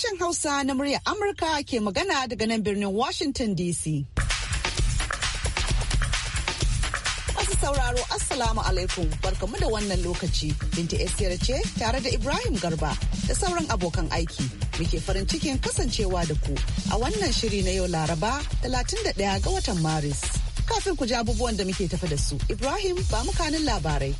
sashen Hausa na muryar Amurka ke magana daga nan birnin Washington DC. Wasu sauraro Assalamu alaikum barkamu da wannan lokaci. Binta Esther ce tare da Ibrahim Garba da sauran abokan aiki. Muke farin cikin kasancewa da ku a wannan shiri na yau Laraba 31 ga watan Maris. Kafin ku ji abubuwan da muke tafi da su, Ibrahim ba mu kanin labarai.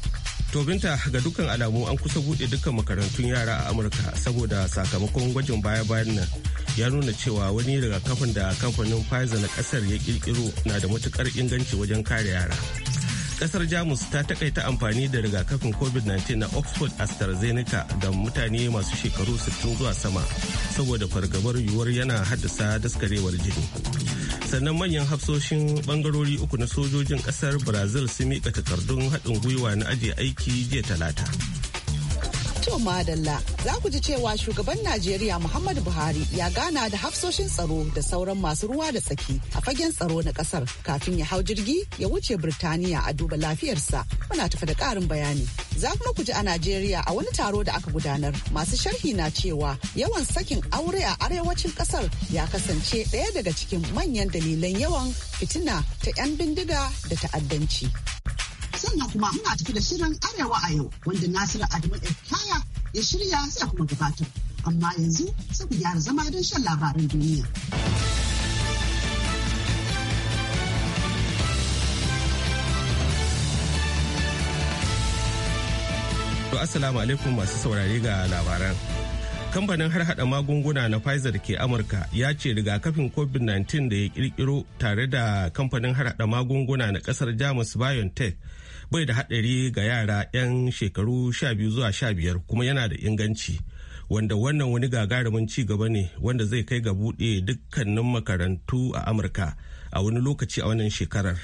To binta ga dukkan alamu an kusa buɗe dukkan makarantun yara a Amurka saboda sakamakon gwajin baya-bayan nan ya nuna cewa wani rigakafin da kamfanin Pfizer na kasar ya ƙirƙiro na da matukar inganci wajen kare yara. kasar Jamus ta takaita amfani da rigakafin COVID-19 na Oxford AstraZeneca ga mutane masu shekaru 60 zuwa sama saboda fargabar yiwuwar yana haddasa daskarewar jini. sannan manyan hafsoshin bangarori uku na sojojin kasar brazil sun miƙa takardun haɗin gwiwa na ajiye aiki jiya talata To madalla za ku ji cewa shugaban Najeriya Muhammadu Buhari ya gana da hafsoshin tsaro da sauran masu ruwa da tsaki a fagen tsaro na kasar kafin ya hau jirgi ya wuce Birtaniya a duba lafiyarsa. Muna tafi da ƙarin bayani. Za kuma ku ji a Najeriya a wani taro da aka gudanar masu sharhi na cewa yawan sakin aure a arewacin kasar ya kasance ɗaya daga cikin manyan dalilan yawan fitina ta 'yan bindiga da ta'addanci. sannan kuma muna tafi da shirin arewa a yau wanda nasiru adamu kaya ya shirya sai kuma gabatar amma yanzu sai ku gyara zama don shan labaran duniya. To Assalamu alaikum masu saurari ga labaran. kamfanin har hada magunguna na pfizer ke amurka ya ce rigakafin covid-19 da ya kirkiro tare da kamfanin har hada magunguna na kasar jamus biontech bai da hadari ga yara 'yan shekaru 12 zuwa 15 kuma yana da inganci wanda wannan wani gagarumin ci gaba ne wanda zai kai ga buɗe dukkanin makarantu a amurka a wani lokaci a wannan shekarar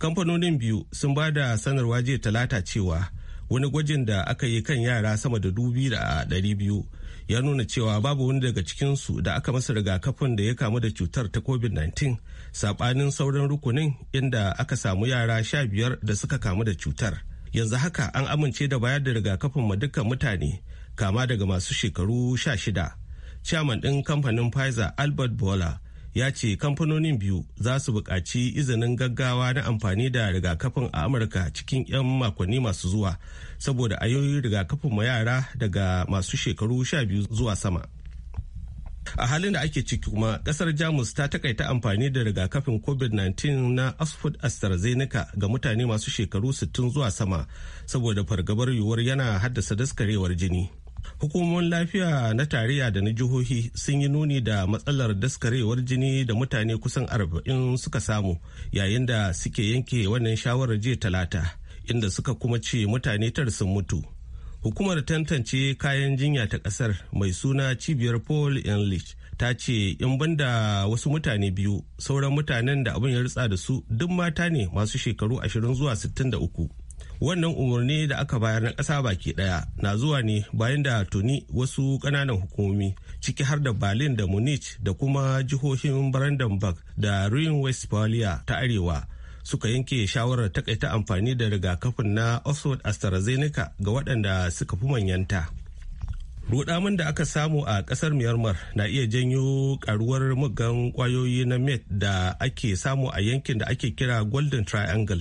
kamfanonin biyu sun ba da sanarwa jiya talata cewa wani gwajin da aka yi kan yara sama da dubi da dari biyu ya nuna cewa babu wani daga cikinsu da aka masa rigakafin da ya kamu da cutar ta covid-19 saɓanin sauran rukunin inda aka samu yara sha biyar da suka kamu da cutar yanzu haka an amince da bayar da rigakafin ma dukkan mutane kama daga masu shekaru sha shida. chairman ɗin kamfanin pfizer albert bola ya ce kamfanonin biyu za su buƙaci izinin gaggawa na amfani da rigakafin a amurka cikin 'yan makonni masu zuwa saboda ayoyin rigakafin ma yara daga masu shekaru 12 zuwa sama a halin da ake ciki kuma kasar jamus ta takaita amfani da rigakafin covid-19 na oxford astrazeneca ga mutane masu shekaru 60 zuwa sama saboda fargabar yiwuwar yana haddasa daskarewar jini Hukumomin lafiya na tarayya da na jihohi sun yi nuni da matsalar daskarewar jini da mutane kusan arba'in suka samu yayin da suke yanke wannan shawarar jiya talata inda suka kuma ce mutane tar sun mutu. Hukumar tantance kayan jinya ta kasar mai suna cibiyar Paul Enlich ta ce in banda wasu mutane biyu sauran mutanen da abin ya ritsa da su duk mata ne masu shekaru ashirin zuwa uku. wannan umarni da aka bayar na ƙasa baki ɗaya na zuwa ne bayan da tuni wasu ƙananan hukumomi ciki har da berlin da munich da kuma jihohin brandenburg da rhine westphalia ta arewa suka yanke shawarar takaita amfani da rigakafin na oxford astrazeneca ga waɗanda suka fi manyanta rudamin da aka samu a kasar myanmar na iya janyo karuwar muggan kwayoyi na met da ake samu a yankin da ake kira golden triangle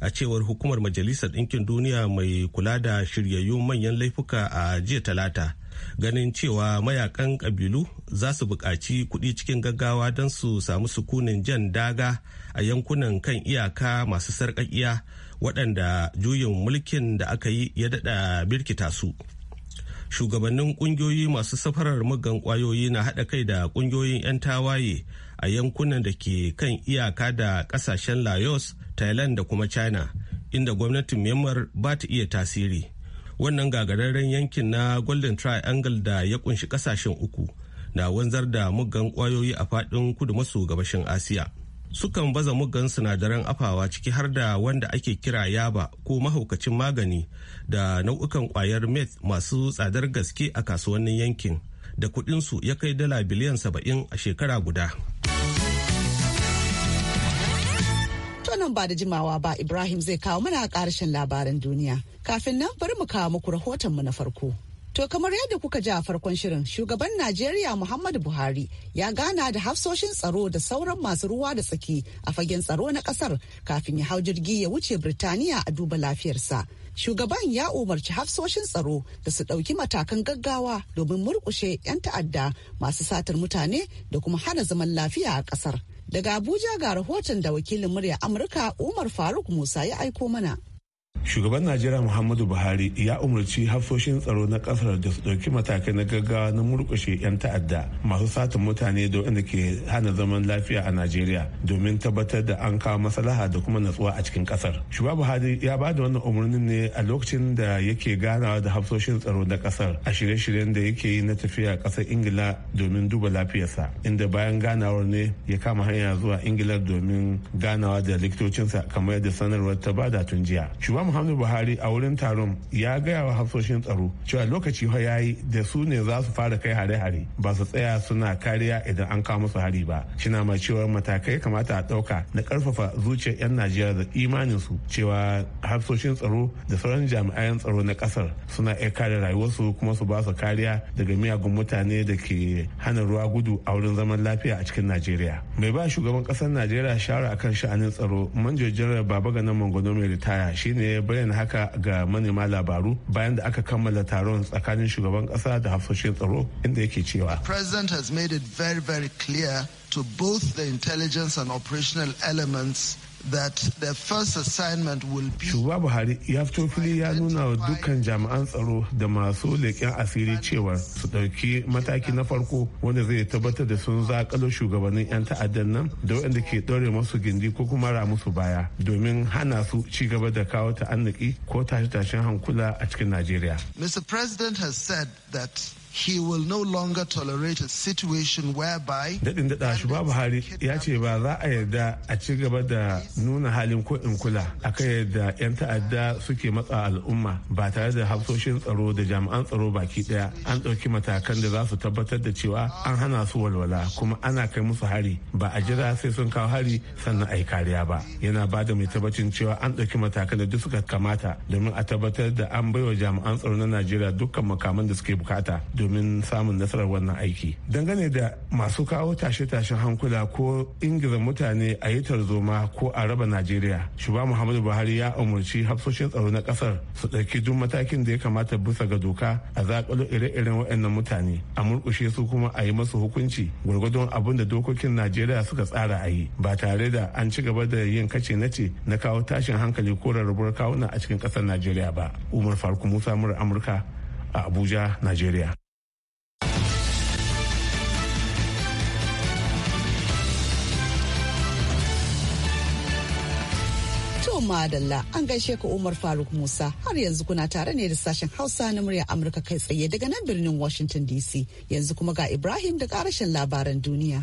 a cewar hukumar majalisar ɗinkin duniya mai kula da shiryayyu manyan laifuka a jiya talata ganin cewa mayakan ƙabilu za su buƙaci kuɗi cikin gaggawa don su samu sukunin jan daga a yankunan kan iyaka masu sarƙaƙiya waɗanda juyin mulkin da aka yi ya daɗa birkita su shugabannin ƙungiyoyi masu safarar mugan ƙwayoyi na haɗa kai da ƙungiyoyin 'yan tawaye a yankunan da ke kan iyaka da ƙasashen laos thailand da kuma china inda gwamnatin myanmar ba ta iya tasiri wannan gagararren yankin na golden triangle da ya kunshi kasashen uku na wanzar da muggan kwayoyi a faɗin kudu maso gabashin asiya sukan baza muggan sinadaran afawa ciki har da wanda ake kira yaba ko mahaukacin magani da nau'ukan kwayar meth masu tsadar gaske a kasuwannin yankin da kuɗinsu ya kai dala biliyan saba'in a shekara guda To nan ba da jimawa ba Ibrahim zai kawo mana ƙarshen labaran duniya. Kafin nan bari mu kawo muku mu na farko. To kamar yadda kuka ji a farkon shirin shugaban Najeriya Muhammadu Buhari ya gana da hafsoshin tsaro da sauran masu ruwa da tsaki a fagen tsaro na kasar kafin ya hau jirgi ya wuce Birtaniya a duba lafiyarsa. Shugaban ya umarci hafsoshin tsaro da su ɗauki matakan gaggawa domin murƙushe 'yan ta'adda masu satar mutane da kuma hana zaman lafiya a ƙasar. Daga Abuja ga rahoton da wakilin murya Amurka Umar Faruk Musa ya aiko mana. shugaban najeriya muhammadu buhari ya umarci hafsoshin tsaro na kasar da su ɗauki matakai na gaggawa na murkushe 'yan ta'adda masu satin mutane da ke hana zaman lafiya a najeriya domin tabbatar da an kawo maslaha da kuma natsuwa a cikin kasar Shugaban buhari ya ba da wannan umarnin ne a lokacin da yake ganawa da hafsoshin tsaro na kasar a shirye-shiryen da yake yi na tafiya kasar ingila domin duba lafiyarsa inda bayan ganawar ne ya kama hanya zuwa ingila domin ganawa da likitocinsa kamar yadda sanarwar ta bada tun jiya shugaba muhammadu buhari a wurin taron ya gaya wa hafsoshin tsaro cewa lokaci fa yayi da su ne za su fara kai hare-hare ba su tsaya suna kariya idan an kawo musu hari ba shina mai cewa matakai kamata a ɗauka na karfafa zuciyar 'yan najeriya da imanin su cewa hafsoshin tsaro da sauran jami'an tsaro na ƙasar suna iya kare rayuwarsu kuma su ba su kariya daga miyagun mutane da ke hana ruwa gudu a wurin zaman lafiya a cikin najeriya mai ba shugaban ƙasar najeriya shawara akan sha'anin tsaro manjo jiran baba ganin mangono mai ritaya shine ne bayyana haka ga manema labaru bayan da aka kammala taron tsakanin shugaban kasa da hafsoshin tsaro inda yake cewa president has made it very very clear to both the intelligence and operational elements Shugaba Buhari ya fito fili ya nuna wa dukkan jami'an tsaro da masu leƙen asiri cewa su ɗauki mataki na farko wanda zai tabbatar da sun zakalo shugabannin 'yan ta'addan nan da waɗanda ke ɗaure masu gindi ko kuma ra musu baya domin hana su ci gaba da kawo ta'annaki ko tashe-tashen hankula a cikin Najeriya. Mr. President has said that he will no longer tolerate a situation whereby daɗin daɗa shugaba hari ya ce ba za a yarda a ci gaba da nuna halin ko in kula akan yadda 'yan ta'adda suke matsa al'umma ba tare da hafsoshin tsaro da jami'an tsaro baki ɗaya an ɗauki matakan da za su tabbatar da cewa an hana su walwala kuma ana kai musu hari ba a jira sai sun kawo hari sannan a yi kariya ba yana ba da mai tabbacin cewa an ɗauki matakan da duk suka kamata domin a tabbatar da an baiwa jami'an tsaro na najeriya dukkan makaman da suke bukata domin domin samun nasarar wannan aiki dangane da masu kawo tashe-tashen hankula ko ingiza mutane a yi tarzoma ko a raba najeriya Shuba muhammadu buhari ya umarci hafsoshin tsaro na kasar su ɗauki duk matakin da ya kamata bisa ga doka a zakalo ire-iren waɗannan mutane a murƙushe su kuma a yi masu hukunci gwargwadon abin da dokokin najeriya suka tsara a yi ba tare da an ci gaba da yin kace na ce na kawo tashin hankali ko rarrabuwar kawuna a cikin ƙasar najeriya ba umar faruk musa murar amurka a abuja najeriya To madalla an gaishe ka Umar Faruk Musa har yanzu kuna tare ne da sashen Hausa na muryar Amurka kai tsaye daga nan birnin Washington DC yanzu kuma ga Ibrahim da karashin labaran duniya.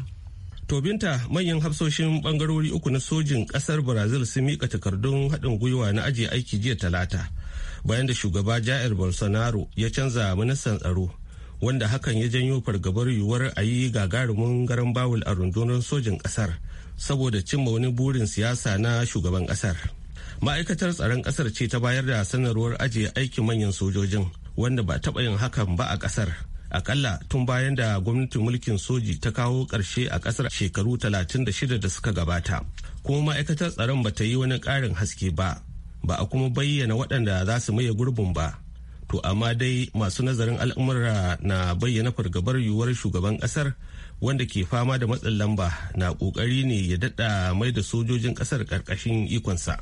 To binta manyan hafsoshin bangarori uku na sojin kasar Brazil sun mika takardun haɗin gwiwa na ajiye aiki jiya talata bayan da shugaba Jair Bolsonaro ya canza ministan tsaro wanda hakan ya janyo fargabar yiwuwar a yi gagarumin garan bawul a rundunar sojin kasar saboda cimma wani burin siyasa na shugaban kasar ma'aikatar tsaron kasar ce ta bayar da sanarwar ajiye aikin manyan sojojin wanda ba taɓa yin hakan ba a kasar akalla tun bayan da gwamnatin mulkin soji ta kawo ƙarshe a ƙasar shekaru 36 da suka gabata kuma ma'aikatar tsaron ba ta yi wani ƙarin haske ba ba a kuma bayyana waɗanda za su maye gurbin ba to amma dai masu nazarin al'umura na bayyana fargabar yiwuwar shugaban kasar wanda ke fama da matsin lamba na kokari ne ya dada mai da sojojin kasar karkashin ikonsa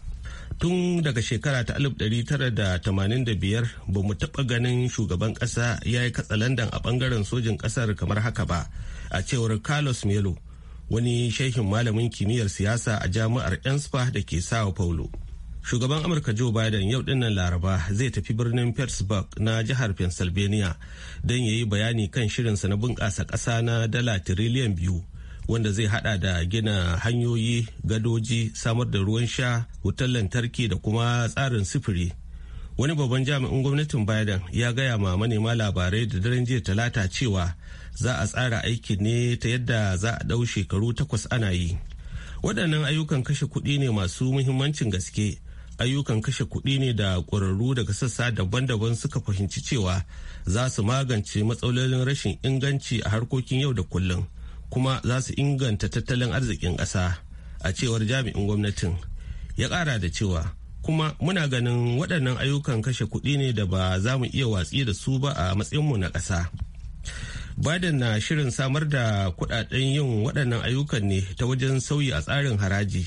tun daga shekara ta 1985 ba mu taɓa ganin shugaban ƙasa ya yi katsalandan a ɓangaren sojin ƙasar kamar haka ba a cewar carlos melo wani shehin malamin kimiyyar siyasa a jami'ar enspa da ke sao paulo shugaban amurka joe biden yau dinnan laraba zai tafi birnin pittsburgh na jihar pennsylvania don ya yi bayani kan shirinsa na bunƙasa ƙasa na dala tiriliyan biyu wanda zai hada da gina hanyoyi gadoji samar da ruwan sha wutar lantarki da kuma tsarin sufuri wani babban jami'in gwamnatin biden ya gaya ma manema labarai da daren jiya talata cewa za a tsara aiki ne ta yadda za a ɗau shekaru takwas ana yi waɗannan ayyukan kashe kuɗi ne masu muhimmancin gaske ayyukan kashe kuɗi ne da ƙwararru daga sassa daban-daban suka fahimci cewa za su magance matsalolin rashin inganci a harkokin yau da kullum kuma za su inganta tattalin arzikin ƙasa a cewar jami'in gwamnatin ya ƙara da cewa kuma muna ganin waɗannan ayyukan kashe kuɗi ne da ba za mu iya watsi da su ba a matsayinmu na ƙasa biden na shirin samar da kuɗaɗen yin waɗannan ayyukan ne ta wajen sauyi a tsarin haraji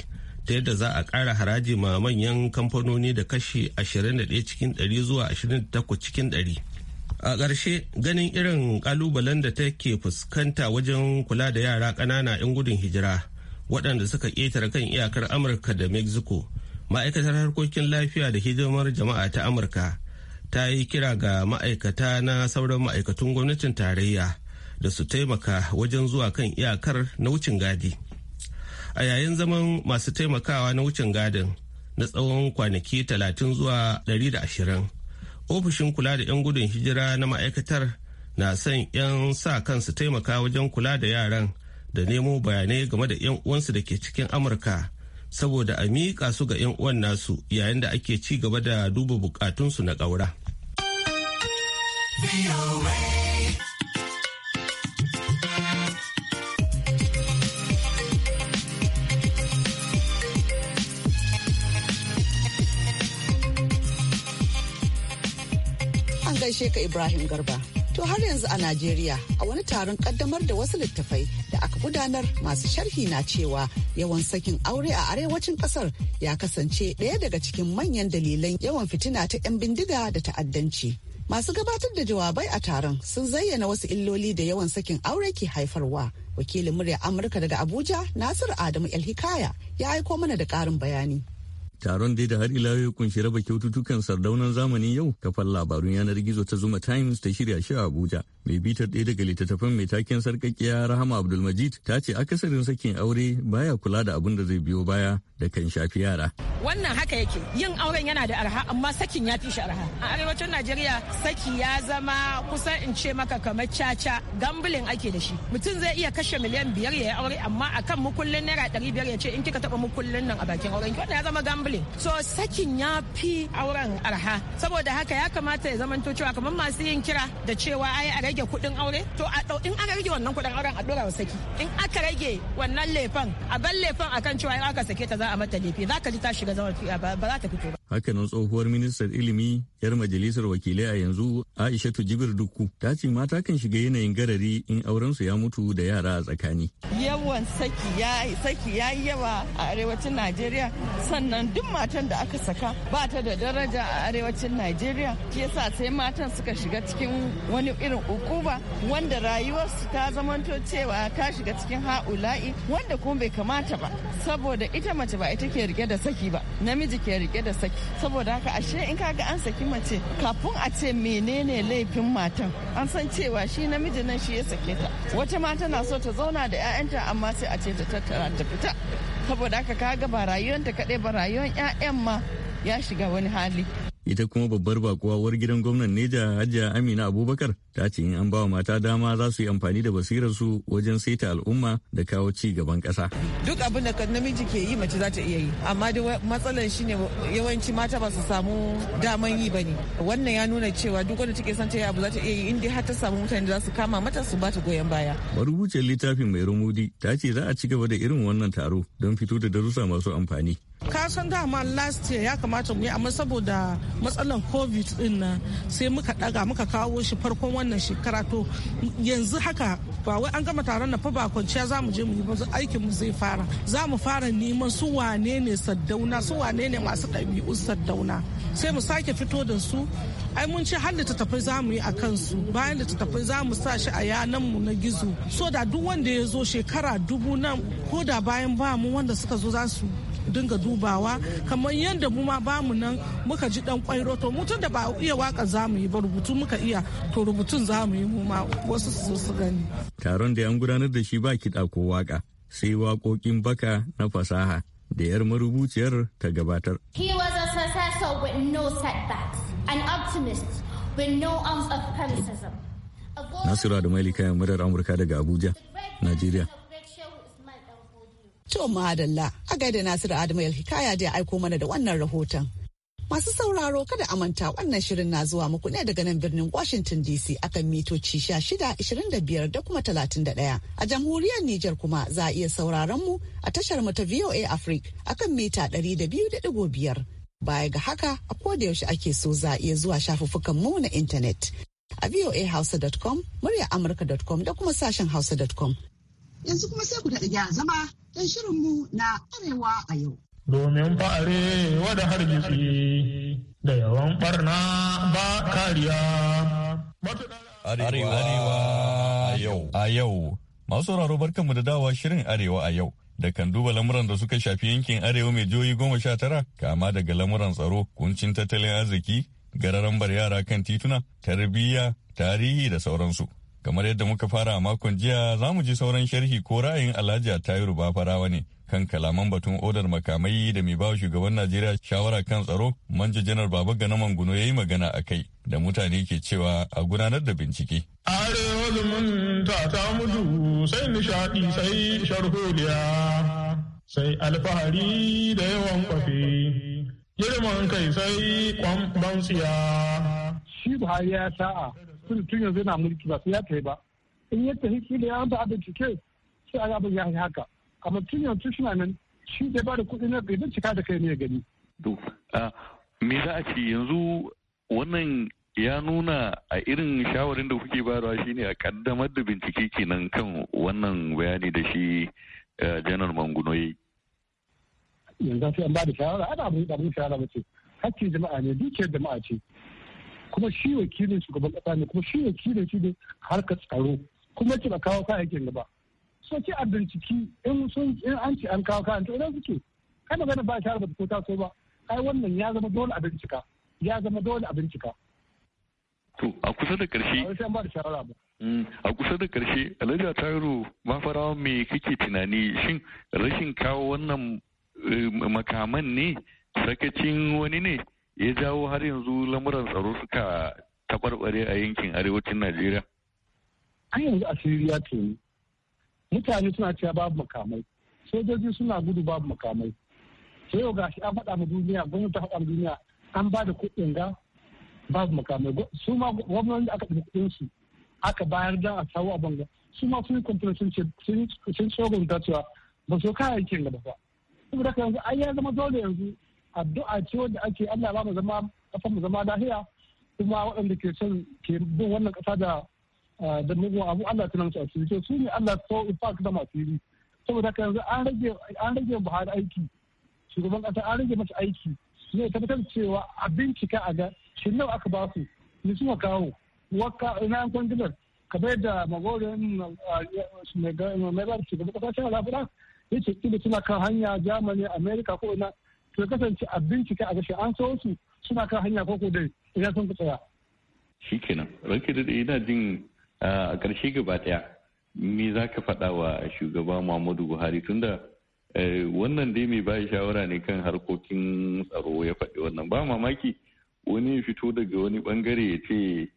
ta yadda za a ƙara haraji ma manyan kamfanoni da kashi 21 cikin 100 zuwa 28 cikin 100. A ƙarshe ganin irin ƙalubalen da take fuskanta wajen kula da yara ƙanana 'yan gudun hijira waɗanda suka ƙetare kan iyakar Amurka da Mexico. Ma'aikatar harkokin lafiya da hidimar jama'a ta Amurka ta yi kira ga ma'aikata na sauran ma'aikatun gwamnatin tarayya da su taimaka wajen zuwa kan iyakar na wucin gadi. a yayin zaman masu taimakawa na wucin gadin na tsawon kwanaki 30 zuwa 120 ofishin kula da 'yan gudun hijira na ma'aikatar na son 'yan sa kansu taimaka wajen kula da yaran da nemo bayanai game da 'yan uwansu da ke cikin amurka saboda a miƙa su ga 'yan uwan nasu yayin da ake ci gaba da duba bukatunsu na ƙaura. gaishe ka Ibrahim Garba. To har yanzu a Najeriya a wani taron kaddamar da wasu littafai da aka gudanar masu sharhi na cewa yawan sakin aure a arewacin kasar ya kasance ɗaya daga cikin manyan dalilan yawan fitina ta 'yan bindiga da ta'addanci. Masu gabatar da jawabai a taron sun zayyana wasu illoli da yawan sakin aure ke haifarwa. Wakilin murya Amurka daga Abuja Nasiru Adamu El Hikaya ya aiko mana da ƙarin bayani. Taron dai da har ila ya kunshi raba kyaututtukan sardaunan zamani yau kafar labarun yanar gizo ta Zuma Times ta shirya shi a Abuja mai bitar ɗaya daga littattafan mai taken sarƙaƙiya rahama abdulmajid ta ce akasarin sakin aure baya kula da abin da zai biyo baya da kan shafi yara wannan haka yake yin auren yana da arha amma sakin ya fi shi arha a arewacin najeriya saki ya zama kusan in ce maka kamar caca gambulin ake da shi mutum zai iya kashe miliyan biyar ya yi aure amma a kan mukullin naira ɗari biyar ya ce in kika taɓa mukullin nan a bakin auren ki wannan ya zama gambulin so sakin ya fi auren arha saboda haka ya kamata ya zamanto cewa kamar masu yin kira da cewa ai a rage rage kuɗin aure to a in aka rage wannan kuɗin auren a ɗora wa saki in aka rage wannan lefan a bar lefan akan cewa in aka sake ta za a mata lefe za ka ji ta shiga zaman ba za ta fito ba. Hakanan tsohuwar ministan ilimi yar majalisar wakilai a yanzu Aishatu Jibir Dukku ta ce mata kan shiga yanayin garari in aurensu ya mutu da yara a tsakani. Yawan saki ya saki ya yawa a arewacin Najeriya sannan duk matan da aka saka ba ta da daraja a arewacin Najeriya. Shi yasa sai matan suka shiga cikin wani irin uku ukuba wanda rayuwarsu ta zamanto cewa ta shiga cikin ha'ula'i wanda kuma bai kamata ba saboda ita mace ba ita ke rike da saki ba namiji ke rike da saki saboda haka ashe in kaga an saki mace kafin a ce menene laifin matan an san cewa shi namiji nan shi ya sake ta wata mata na so ta zauna da 'ya'yanta amma sai a ce ta tattara ta fita saboda haka kaga ba rayuwanta kaɗai ba rayuwar 'ya'yan ma ya shiga wani hali ita kuma babbar bakuwa uwar gidan gwamnan neja hajiya amina abubakar ta ce in an bawa mata dama za su yi amfani da basirarsu wajen saita al'umma da kawo ci gaban ƙasa. duk abin da namiji ke yi mace za ta iya yi amma da matsalar shine yawanci mata ba su samu daman yi ba ne wannan ya nuna cewa duk wanda take son ta yi abu za ta iya yi in dai har ta samu mutane da za su kama mata su bata goyon baya. marubuciyar littafin mai rumudi ta ce za a ci gaba da irin wannan taro don fito da darussa masu amfani ka san dama last year ya kamata mu yi amma saboda matsalar covid din nan sai muka daga muka kawo shi farkon wannan shekara to yanzu haka ba wai an gama taron na fa ba kwanciya za mu je mu yi ba aikin mu zai fara za mu fara neman su wane ne saddauna su wane ne masu ɗabi'u saddauna sai mu sake fito da su ai mun ce har littattafai za mu yi a kansu bayan littattafai za mu sa shi a yanan mu na gizo so da duk wanda ya zo shekara dubu nan ko da bayan ba mu wanda suka zo za su dinga dubawa kamar yadda mu ma bamu nan muka ji dan kwairo to mu da ba iya waka za mu yi ba rubutu muka iya to rubutun za mu yi mu ma wasu su su gani taron da yan gudanar da shi ba kiɗa ko waka sai waƙoƙin baka na fasaha da yar marubuciyar ta gabatar he was a successor with no setbacks an optimist with no of da kayan murar Amurka daga Abuja, Najeriya. To madalla a gaida Nasiru Adamu Hikaya da ya aiko mana da wannan rahoton. Masu sauraro kada a manta wannan shirin na zuwa muku ne daga nan birnin Washington DC akan mitoci shida ishirin da kuma 31. A jamhuriyar Nijar kuma za a iya sauraron mu a tashar mu ta VOA Africa akan mita da da biyu 200.5. Baya ga haka a koda yaushe ake so za a iya zuwa shafuffukan mu na intanet. A voahausa.com, murya amurka.com da kuma sashen hausa.com. Yanzu kuma sai ku daɗa gyara zama don shirinmu na Arewa a yau. Domin fa'are da harbisi da yawan barna ba kariya. Arewa a yau. A yau. Masu sauraro barkanmu da dawa shirin Arewa a yau. da kan duba lamuran da suka shafi yankin arewa mai joyi goma sha tara kama daga lamuran tsaro kuncin tattalin arziki gararambar yara kan tituna tarbiyya tarihi da sauransu Kamar yadda muka fara a makon jiya za mu ji sauran sharhi ko ra'ayin Alhaji a ba Bafarawa ne kan kalaman batun odar makamai da mai bawa shugaban Najeriya shawara kan tsaro manja janar Baba Gana Manguno ya yi magana a kai da mutane ke cewa a gudanar da bincike. Arewa zumunta ta mutu sai nishaɗi sai sharhodiya sai alfahari da yawan kwafe girman kai sai kwamban Shi ba ya ta'a tun tun yanzu yana mulki ba sai ya tafi ba in ya tafi da ya ba da cike sai a abin ya yi haka amma tun yanzu shi nan shi da ba da kuɗi na bai cika da kai ne ya gani. to me za a ce yanzu wannan ya nuna a irin shawarin da kuke bayarwa shine a kaddamar da bincike kenan kan wannan bayani da shi janar manguno yi. yanzu sai an ba da shawara ana abin da abin shawara mace hakkin jama'a ne dukiyar jama'a ce kuma shi wakilin shugaban kasa ne kuma shi wakilin shi ne harkar tsaro kuma ki ba kawo kayayyakin gaba so ki a binciki in sun in an ce an kawo kayan to idan suke kai magana ba ta rubuta ko ta so ba ai wannan ya zama dole a bincika ya zama dole a bincika to a kusa da karshe mm, a kusa da karshe alhaji taro mafarawa me kake tunani shin rashin kawo wannan eh, makaman ne sakacin wani ne ya jawo har yanzu lamuran tsaro suka tabarbare a yankin arewacin Najeriya? An yanzu Siriya ya tuni. Mutane suna cewa babu makamai, sojoji suna gudu babu makamai. Sai yau gashi an faɗa ma duniya, gwamnati ta faɗa mu duniya, an ba da kuɗin ga babu makamai. Su ma gwamnati da aka ɗauki kuɗin su aka bayar da a sawo a banga. Su ma sun yi kwamfani sun ce sun tsogon ta cewa ba su kayayyakin gaba ba. Saboda haka yanzu ai ya zama dole yanzu addu'a ce wanda ake Allah ba mu zama kafa mu zama lafiya kuma waɗanda ke son ke bin wannan ƙasa da da mugun abu Allah ta nan su asiri to su ne Allah so in fact da asiri saboda haka yanzu an rage an rage Buhari aiki shugaban ƙasa an rage masa aiki ne tabbatar cewa a bincika a ga shin nawa aka ba su ni su kawo waka ina yan kwangilar kamar da magorin mai ba shugaban ƙasa shi lafiya yace suna kan hanya Germany America ko ina su kasance a bincike a gashi an so su suna kan hanya ko dai ina sun tsaya shi kenan ranke da ina jin a ƙarshe gaba ɗaya me za ka faɗa wa shugaba muhammadu buhari tunda wannan dai mai bayi shawara ne kan harkokin tsaro ya faɗi wannan ba mamaki wani ya fito daga wani bangare ya ce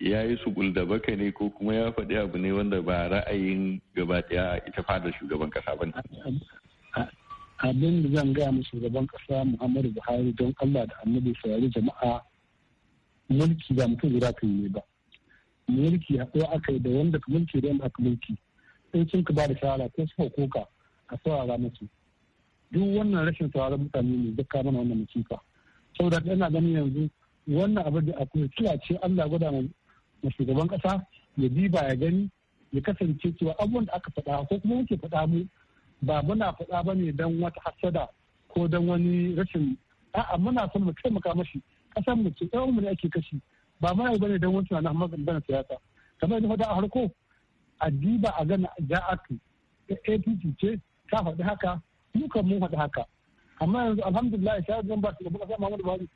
ya yi su baka ne ko kuma ya faɗi abu ne wanda ba ra'ayin gaba ɗaya ita fadar shugaban kasa ba abin da zan gaya musu shugaban kasa muhammadu buhari don allah da annabi saurari jama'a mulki ba mutum guda kan yi ba mulki haɗuwa aka yi da wanda ka mulki da yadda aka mulki in cin ka ba da shawara ko suka koka a saurara musu duk wannan rashin sauraron mutane ne zaka mana wannan musifa saboda ina ganin yanzu wannan abin da akwai kila ce allah gwada ma shugaban kasa ya diba ya gani ya kasance cewa abubuwan da aka faɗa ko kuma muke faɗa mu ba muna faɗa ba ne don wata hasada ko don wani rashin a'a muna son mu taimaka mashi kasan mu ce ɗan mu ne ake kashi ba muna ba ne don wani tunanin maganar siyasa kamar yadda faɗa a harko diba a gana ta APC ce ta faɗi haka kan mun faɗi haka amma yanzu alhamdulillah ya zan ba su gaba ƙasa Muhammadu Buhari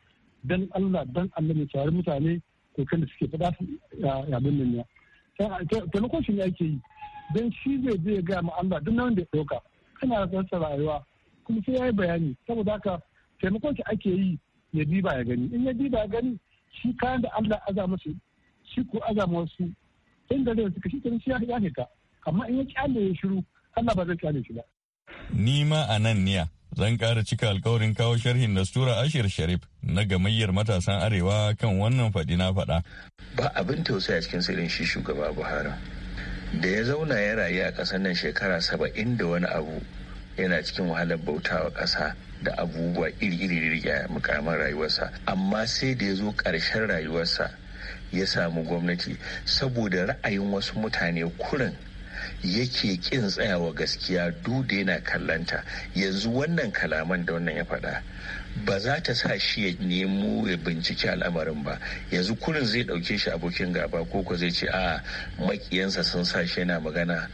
dan Allah dan Allah ne tare mutane ko kan da suke faɗa ya bin nan ya taimakon shi ne ake yi don shi zai je ya gaya ma Allah duk nan da ya ɗauka ana rasa rayuwa kuma sai ya yi bayani saboda haka taimakon shi ake yi ya diba ya gani in ya diba ya gani shi kayan da Allah aza musu shi ko aza wasu inda zai suka shi ta shi ya ka amma in ya kyale ya shiru Allah ba zai kyale shi ba. Ni ma a nan niya zan kara cika alkawarin kawo sharhin Nastura Ashir Sharif na gamayyar matasan Arewa kan wannan faɗi na faɗa. Ba abin tausaya cikin sirrin shi shugaba Buhari. da ya zauna ya rayu a ƙasar nan shekara saba'in da wani abu yana cikin wahalar bautawa ƙasa da abubuwa iri-iri ya mukamman rayuwarsa amma sai da ya zo ƙarshen rayuwarsa ya samu gwamnati saboda ra'ayin wasu mutane kurin yake kin tsayawa gaskiya duk da yana kallanta yanzu wannan kalaman da wannan ya faɗa ba za ta sa shi ya nemo ya binciki al'amarin ba yanzu kurin zai dauke shi abokin gaba ko ko zai ce a makiyansa sun sa shi yana magana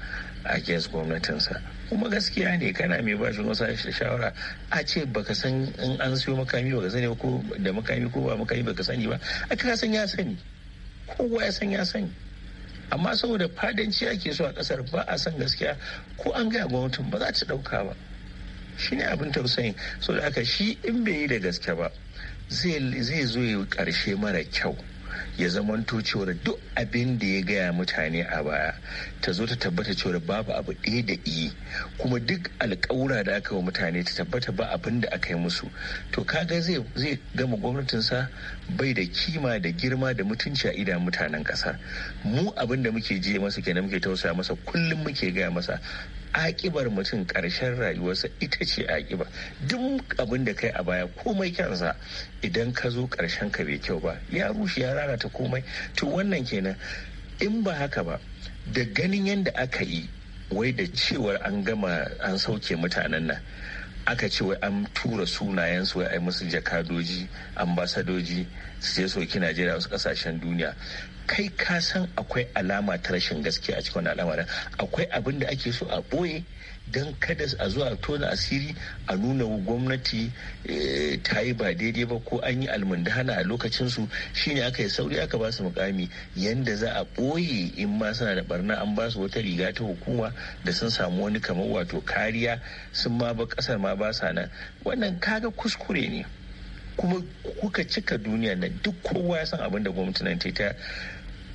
a kes gwamnatinsa kuma gaskiya ne kana mai ba shi wasu shawara a ce baka san in an siyo makami baka sani ko da makami ko ba makami baka sani ba a ka san ya sani kowa ya san ya sani amma saboda fadanci ake so a kasar ba a san gaskiya ko an gaya gwamnatin ba za ta dauka ba shine abin tausayin so da aka shi in bai yi da gaske ba zai zo ya karshe mara kyau ya zamanto cewar duk abin da ya gaya mutane a baya ta zo ta tabbata cewar babu abu ɗaya da iyi kuma duk alƙawura da aka wa mutane ta tabbata ba abin da aka yi musu to kaga zai gama gwamnatinsa bai da kima da girma da mutunci a idan mutanen ƙasar mu abin da muke je masa kenan muke tausaya masa kullum muke gaya masa akibar mutum ƙarshen rayuwarsa ita ce akiba duk abin da kai a baya komai kyansa idan ka zo ƙarshen ka bai kyau ba ya rushe ya lalata komai to wannan kenan in ba haka ba da ganin yadda aka yi wai da cewar an gama an sauke mutanen nan aka ce wai an tura sunayensu wai ai musu jakadoji ambasadoji su je soki najeriya wasu kasashen duniya kai ka san akwai alama ta rashin gaskiya a cikin al'amarin akwai abin da ake so a ɓoye don kada a zuwa tona asiri a nuna gwamnati eh, ta yi ba daidai ba ko an yi almundana a lokacinsu shine aka yi sauri aka ba su mukami yanda za a boye in ma suna da barna an ba su wata riga ta hukuma da sun samu wani kamar wato kariya sun ma ba kasar ma ba sa nan wannan kaga kuskure ne kuma kuka cika duniya na duk kowa ya san abin da gwamnati nan ta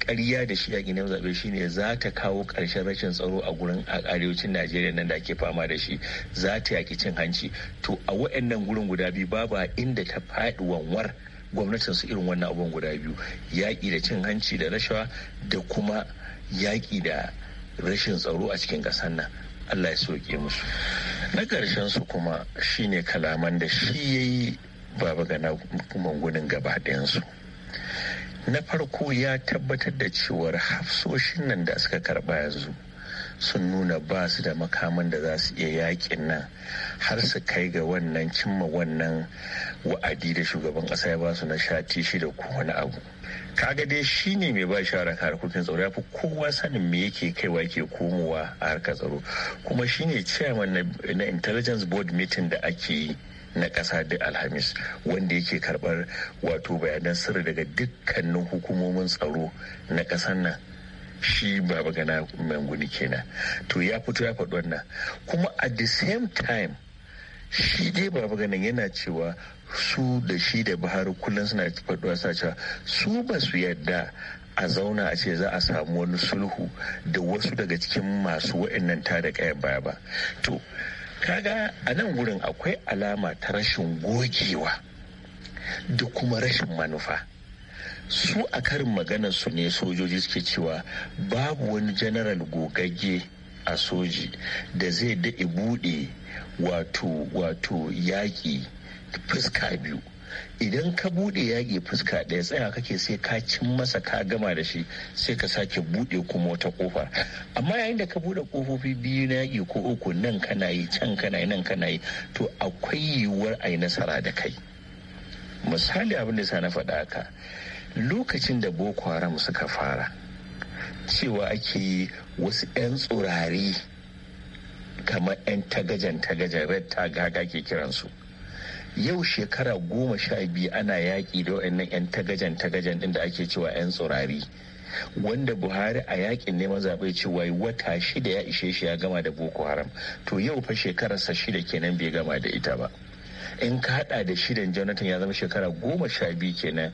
ƙarya da shi a ginin zaɓe shine za ta kawo ƙarshen rashin tsaro a gurin a arewacin najeriya nan da ake fama da shi za ta yaƙi cin hanci to a wa'annan gurin guda biyu babu inda ta faɗi wanwar gwamnatin su irin wannan abubuwan guda biyu yaƙi da cin hanci da rashawa da kuma yaƙi da rashin tsaro a cikin ƙasar nan allah ya soke musu na ƙarshen su kuma shine kalaman da shi ya yi baba ga na gaba ɗayansu na farko ya tabbatar da cewar hafsoshin nan da suka karba yanzu sun nuna ba su da makaman da za su iya yakin nan har su kai ga wannan cimma wannan wa'adi da shugaban kasa ya ba su na shati shida ko wani abu kaga dai shi ne mai ba shawara kan harkokin tsaro ya fi kowa sanin me yake kaiwa ke komowa a harkar tsaro kuma shi ne chairman na intelligence board meeting da ake yi na ƙasa da alhamis wanda yake karɓar wato bayanan sirri daga dukkanin hukumomin tsaro na ƙasar nan shi baba gana manguni kenan to ya fito ya faɗi wannan kuma at the same time shi dai baba gana yana cewa su da shi da bahar kullum suna faɗuwa sa cewa su ba su yadda a zauna a ce za a samu wani sulhu da wasu daga cikin masu wa'annan tada kayan baya ba to kaga a nan wurin akwai alama ta rashin gogewa da kuma rashin manufa su a karin maganarsu su ne sojoji suke cewa babu wani janaral gogagge a soji da zai daɗe buɗe wato wato yaƙi fuska biyu idan ka bude yaƙi fuska ɗaya tsaya kake sai ka cin masa ka gama da shi sai ka sake bude kuma wata kofa amma yayin da ka bude kofofi biyu na yaƙi ko uku nan kana yi can kana yi nan kana yi to akwai yiwuwar a yi nasara da kai misali abin da sa na faɗa haka lokacin da boko haram suka fara cewa ake wasu 'yan tsurari kamar 'yan tagajen tagajen red tag haka ke kiransu yau shekara goma sha biyu ana yaƙi da waɗannan 'yan tagajan tagajan din da ake cewa 'yan tsurari wanda buhari a yakin neman zaɓe cewa wata shida ya ishe shi ya gama da boko haram to yau fa shekararsa shida kenan bai gama da ita ba in ka hada da shidan jonathan ya zama shekara goma sha biyu kenan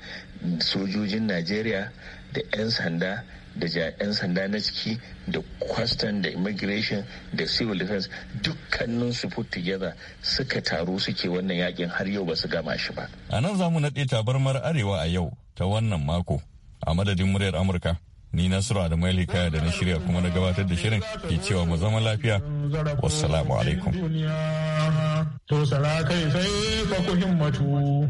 sojojin najeriya da 'yan sanda da 'yan sanda na ciki da kwastan da immigration da civil defense dukkanin su put together suka taru suke wannan yakin har yau ba su gama shi ba. A nan zamu mu naɗe tabarmar arewa a yau ta wannan mako a madadin muryar Amurka. Ni da mai Hikaya da na shirya kuma na gabatar da shirin ke cewa mu zama lafiya. Wassalamu alaikum. To sai himmatu.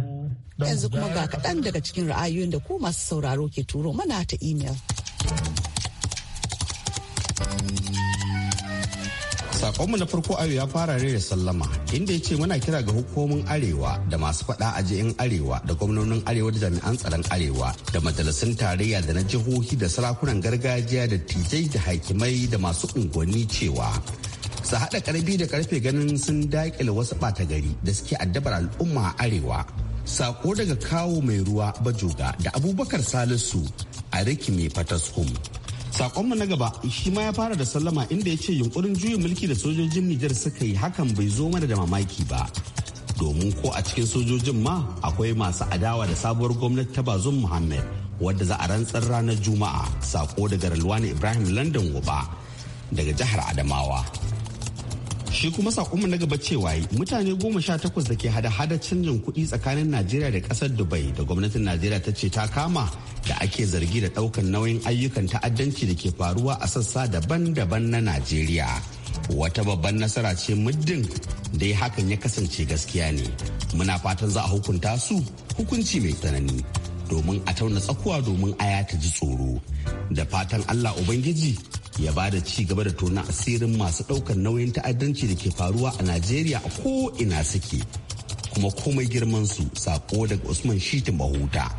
Yanzu kuma ga kaɗan daga cikin ra'ayoyin da ku masu sauraro ke turo mana ta imel. Sakonmu na farko ayo ya fara ne da sallama inda ya ce muna kira ga hukumomin arewa da masu faɗa a jiin arewa da gwamnonin arewa da jami'an tsaron arewa da majalisun tarayya da na jihohi da sarakunan gargajiya da tijai da hakimai da masu unguwanni cewa su haɗa ƙarfi da ƙarfe ganin sun daƙile wasu ɓata gari da suke addabar al'umma a arewa sako daga kawo mai ruwa bajoga da abubakar salisu a riki mai fataskum sakonmu na gaba shi ma ya fara da sallama inda ya ce yunkurin juyin mulki da sojojin nijar suka yi hakan bai zo mana da mamaki ba domin ko a cikin sojojin ma akwai masu adawa da sabuwar gwamnati ta Bazun muhammad wadda za a rantsar ranar juma'a sako daga ralwani ibrahim london goba daga jihar adamawa Shi kuma sakonmu na gaba cewa mutane goma sha takwas da ke hada-hada canjin kuɗi tsakanin Najeriya da ƙasar Dubai da gwamnatin Najeriya ta ce ta kama da ake zargi da ɗaukan nauyin ayyukan ta'addanci da ke faruwa a sassa daban-daban na Najeriya. Wata babban nasara ce muddin da hakan ya kasance gaskiya ne. Muna fatan za a hukunta su hukunci mai tsanani. domin a tauna tsakuwa domin aya ta ji tsoro da fatan allah ubangiji ya ba da ci gaba da tona asirin masu ɗaukar nauyin ta'addanci da ke faruwa a najeriya a ko ina suke kuma komai girman su sako daga usman shiti mahuta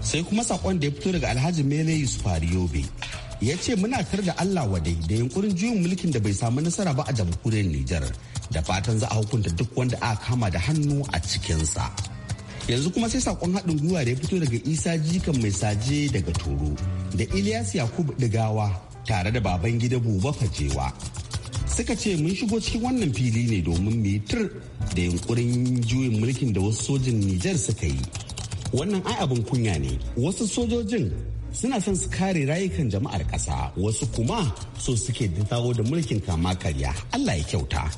sai kuma sakon da ya fito daga alhaji mele Yusuf yobe ya ce muna tar da allah wadai da yunkurin juyin mulkin da bai samu nasara ba a jamhuriyar nijar da fatan za a hukunta duk wanda aka kama da hannu a cikinsa. yanzu kuma sai sakon haɗin gwiwa da ya fito daga isa jikan mai saje daga toro da ilyas yakub digawa tare da baban gida buba fajewa suka ce mun shigo cikin wannan fili ne domin mitir da yunkurin juyin mulkin da wasu sojin nijar suka yi wannan ai abin kunya ne wasu sojojin suna son su kare rayukan jama'ar ƙasa wasu kuma so suke tawo da mulkin kama karya allah ya kyauta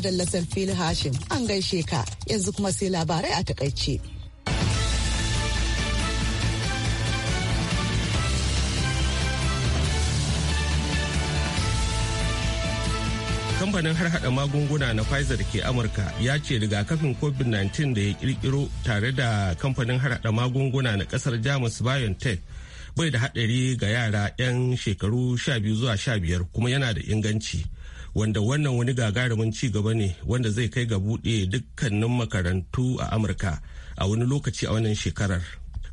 Madalla fili Hashim an gaishe ka yanzu kuma sai labarai a takaice. kamfanin har hada magunguna na Pfizer da ke Amurka ya ce rigakafin COVID-19 da ya kirkiro tare da kamfanin har hada magunguna na kasar Jamus BioNTech bai da hadari ga yara 'yan shekaru 12 zuwa 15 kuma yana da inganci. wanda wannan wani gagarumin ci gaba ne wanda zai kai ga buɗe dukkanin makarantu a amurka a wani lokaci a wannan shekarar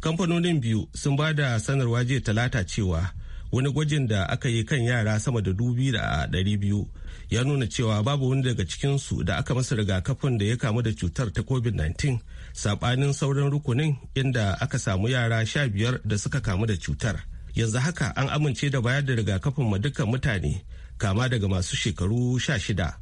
kamfanonin biyu sun ba da sanarwa jiya talata cewa wani gwajin da aka yi kan yara sama da dubi da ɗari biyu ya nuna cewa babu wani daga cikinsu da aka masa rigakafin da ya kamu da cutar ta covid-19 saɓanin sauran rukunin inda aka samu yara sha biyar da suka kamu da cutar yanzu haka an amince da bayar da rigakafin ma dukkan mutane kama daga masu shekaru sha shida.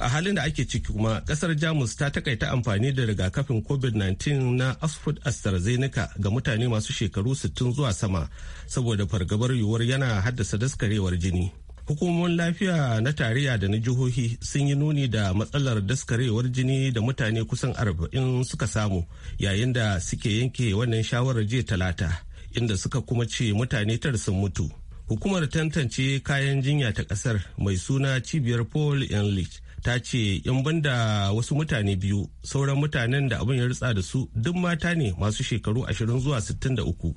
a halin da ake ciki kuma kasar jamus ta takaita amfani da rigakafin covid-19 na oxford astrazeneca ga mutane masu shekaru 60 zuwa sama saboda fargabar yiwuwar yana haddasa daskarewar jini hukumomin lafiya na tarayya da na jihohi sun yi nuni da matsalar daskarewar jini da mutane kusan 40 suka samu yayin da suke yanke wannan shawarar jiya talata inda suka kuma ce mutane tara sun mutu hukumar tantance kayan jinya ta kasar mai suna cibiyar paul enlich ta ce yan banda wasu mutane biyu sauran mutanen da abin ya ritsa da su duk mata ne masu shekaru 20 zuwa 63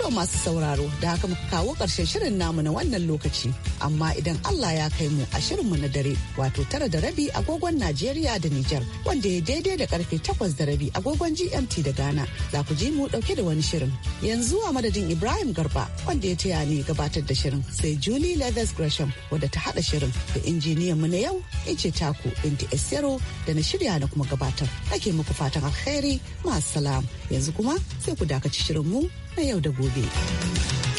To masu sauraro da haka muka kawo ƙarshen shirin namu na wannan lokaci. Amma idan Allah ya kai mu a shirinmu na dare wato tara da rabi agogon Najeriya da Nijar wanda ya daidai da karfe takwas da rabi agogon GMT da Ghana za ku ji mu ɗauke da wani shirin. Yanzu a madadin Ibrahim Garba wanda ya taya ni gabatar da shirin sai Julie Leathers Gresham wadda ta haɗa shirin da injiniyan mu na yau ice taku Binti Esero da na shirya na kuma gabatar. Ake muku fatan alheri masu salam yanzu kuma sai ku dakaci shirin mu na yau da gobe.